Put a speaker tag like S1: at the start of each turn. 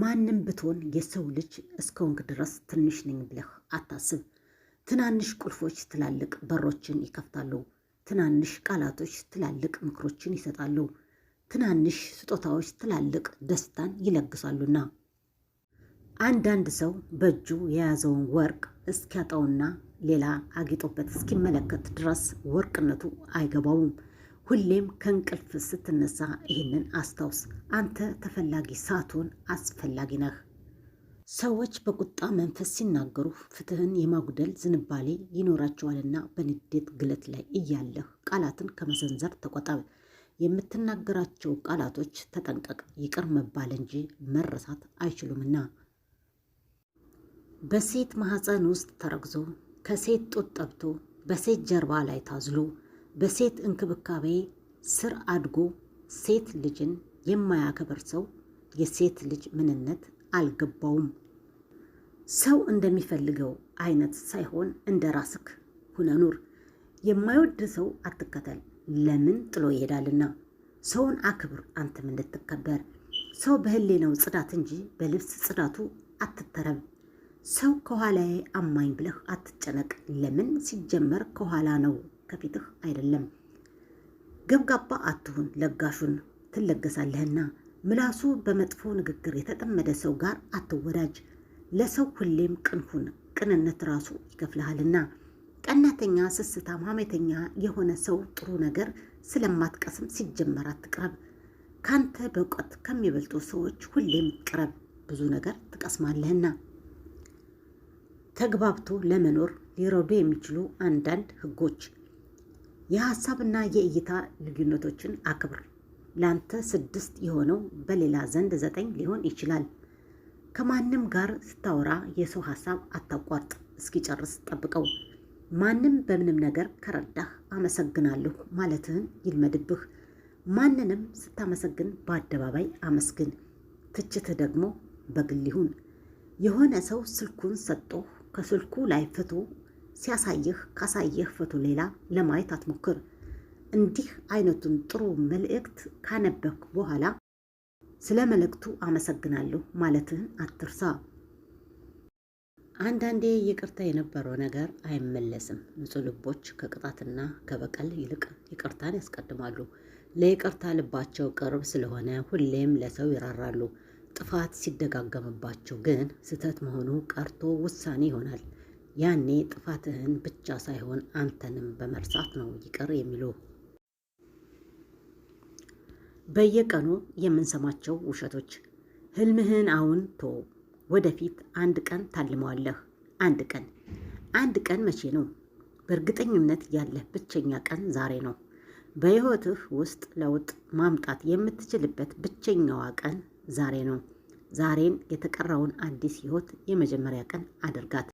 S1: ማንም ብትሆን የሰው ልጅ እስከወንክ ድረስ ትንሽ ነኝ ብለህ አታስብ። ትናንሽ ቁልፎች ትላልቅ በሮችን ይከፍታሉ። ትናንሽ ቃላቶች ትላልቅ ምክሮችን ይሰጣሉ። ትናንሽ ስጦታዎች ትላልቅ ደስታን ይለግሳሉና አንዳንድ ሰው በእጁ የያዘውን ወርቅ እስኪያጣውና ሌላ አጊጦበት እስኪመለከት ድረስ ወርቅነቱ አይገባውም። ሁሌም ከእንቅልፍ ስትነሳ ይህንን አስታውስ። አንተ ተፈላጊ ሳትሆን አስፈላጊ ነህ። ሰዎች በቁጣ መንፈስ ሲናገሩ ፍትህን የማጉደል ዝንባሌ ይኖራቸዋልና በንዴት ግለት ላይ እያለህ ቃላትን ከመሰንዘር ተቆጠብ። የምትናገራቸው ቃላቶች ተጠንቀቅ። ይቅር መባል እንጂ መረሳት አይችሉምና። በሴት ማህፀን ውስጥ ተረግዞ ከሴት ጡት ጠብቶ በሴት ጀርባ ላይ ታዝሎ በሴት እንክብካቤ ስር አድጎ ሴት ልጅን የማያከብር ሰው የሴት ልጅ ምንነት አልገባውም። ሰው እንደሚፈልገው አይነት ሳይሆን እንደ ራስክ ሁነ ኑር። የማይወድ ሰው አትከተል፣ ለምን ጥሎ ይሄዳልና። ሰውን አክብር፣ አንተም እንድትከበር። ሰው በህሌናው ጽዳት እንጂ በልብስ ጽዳቱ አትተረብ። ሰው ከኋላዬ አማኝ ብለህ አትጨነቅ፣ ለምን ሲጀመር ከኋላ ነው። ከፊትህ አይደለም። ገብጋባ አትሁን፣ ለጋሹን ትለገሳለህና። ምላሱ በመጥፎ ንግግር የተጠመደ ሰው ጋር አትወዳጅ። ለሰው ሁሌም ቅንሁን፣ ቅንነት ራሱ ይከፍልሃልና። ቀናተኛ፣ ስስታም፣ ሐሜተኛ የሆነ ሰው ጥሩ ነገር ስለማትቀስም ሲጀመር አትቅረብ። ካንተ በእውቀት ከሚበልጡ ሰዎች ሁሌም ቅረብ፣ ብዙ ነገር ትቀስማለህና። ተግባብቶ ለመኖር ሊረዱ የሚችሉ አንዳንድ ህጎች። የሀሳብና የእይታ ልዩነቶችን አክብር። ለአንተ ስድስት የሆነው በሌላ ዘንድ ዘጠኝ ሊሆን ይችላል። ከማንም ጋር ስታወራ የሰው ሀሳብ አታቋርጥ፣ እስኪጨርስ ጠብቀው። ማንም በምንም ነገር ከረዳህ አመሰግናለሁ ማለትህን ይልመድብህ። ማንንም ስታመሰግን በአደባባይ አመስግን፣ ትችትህ ደግሞ በግል ይሁን። የሆነ ሰው ስልኩን ሰጥቶ ከስልኩ ላይ ፍቶ። ሲያሳይህ ካሳየህ ፎቶ ሌላ ለማየት አትሞክር። እንዲህ አይነቱን ጥሩ መልእክት ካነበብክ በኋላ ስለ መልእክቱ አመሰግናለሁ ማለትህን አትርሳ። አንዳንዴ ይቅርታ የነበረው ነገር አይመለስም። ንጹህ ልቦች ከቅጣትና ከበቀል ይልቅ ይቅርታን ያስቀድማሉ። ለይቅርታ ልባቸው ቅርብ ስለሆነ ሁሌም ለሰው ይራራሉ። ጥፋት ሲደጋገምባቸው ግን ስህተት መሆኑ ቀርቶ ውሳኔ ይሆናል። ያኔ ጥፋትህን ብቻ ሳይሆን አንተንም በመርሳት ነው ይቅር የሚሉ። በየቀኑ የምንሰማቸው ውሸቶች ህልምህን አሁን ቶ ወደፊት አንድ ቀን ታልመዋለህ። አንድ ቀን አንድ ቀን መቼ ነው? በእርግጠኝነት ያለህ ብቸኛ ቀን ዛሬ ነው። በህይወትህ ውስጥ ለውጥ ማምጣት የምትችልበት ብቸኛዋ ቀን ዛሬ ነው። ዛሬን የተቀረውን አዲስ ህይወት የመጀመሪያ ቀን አድርጋት።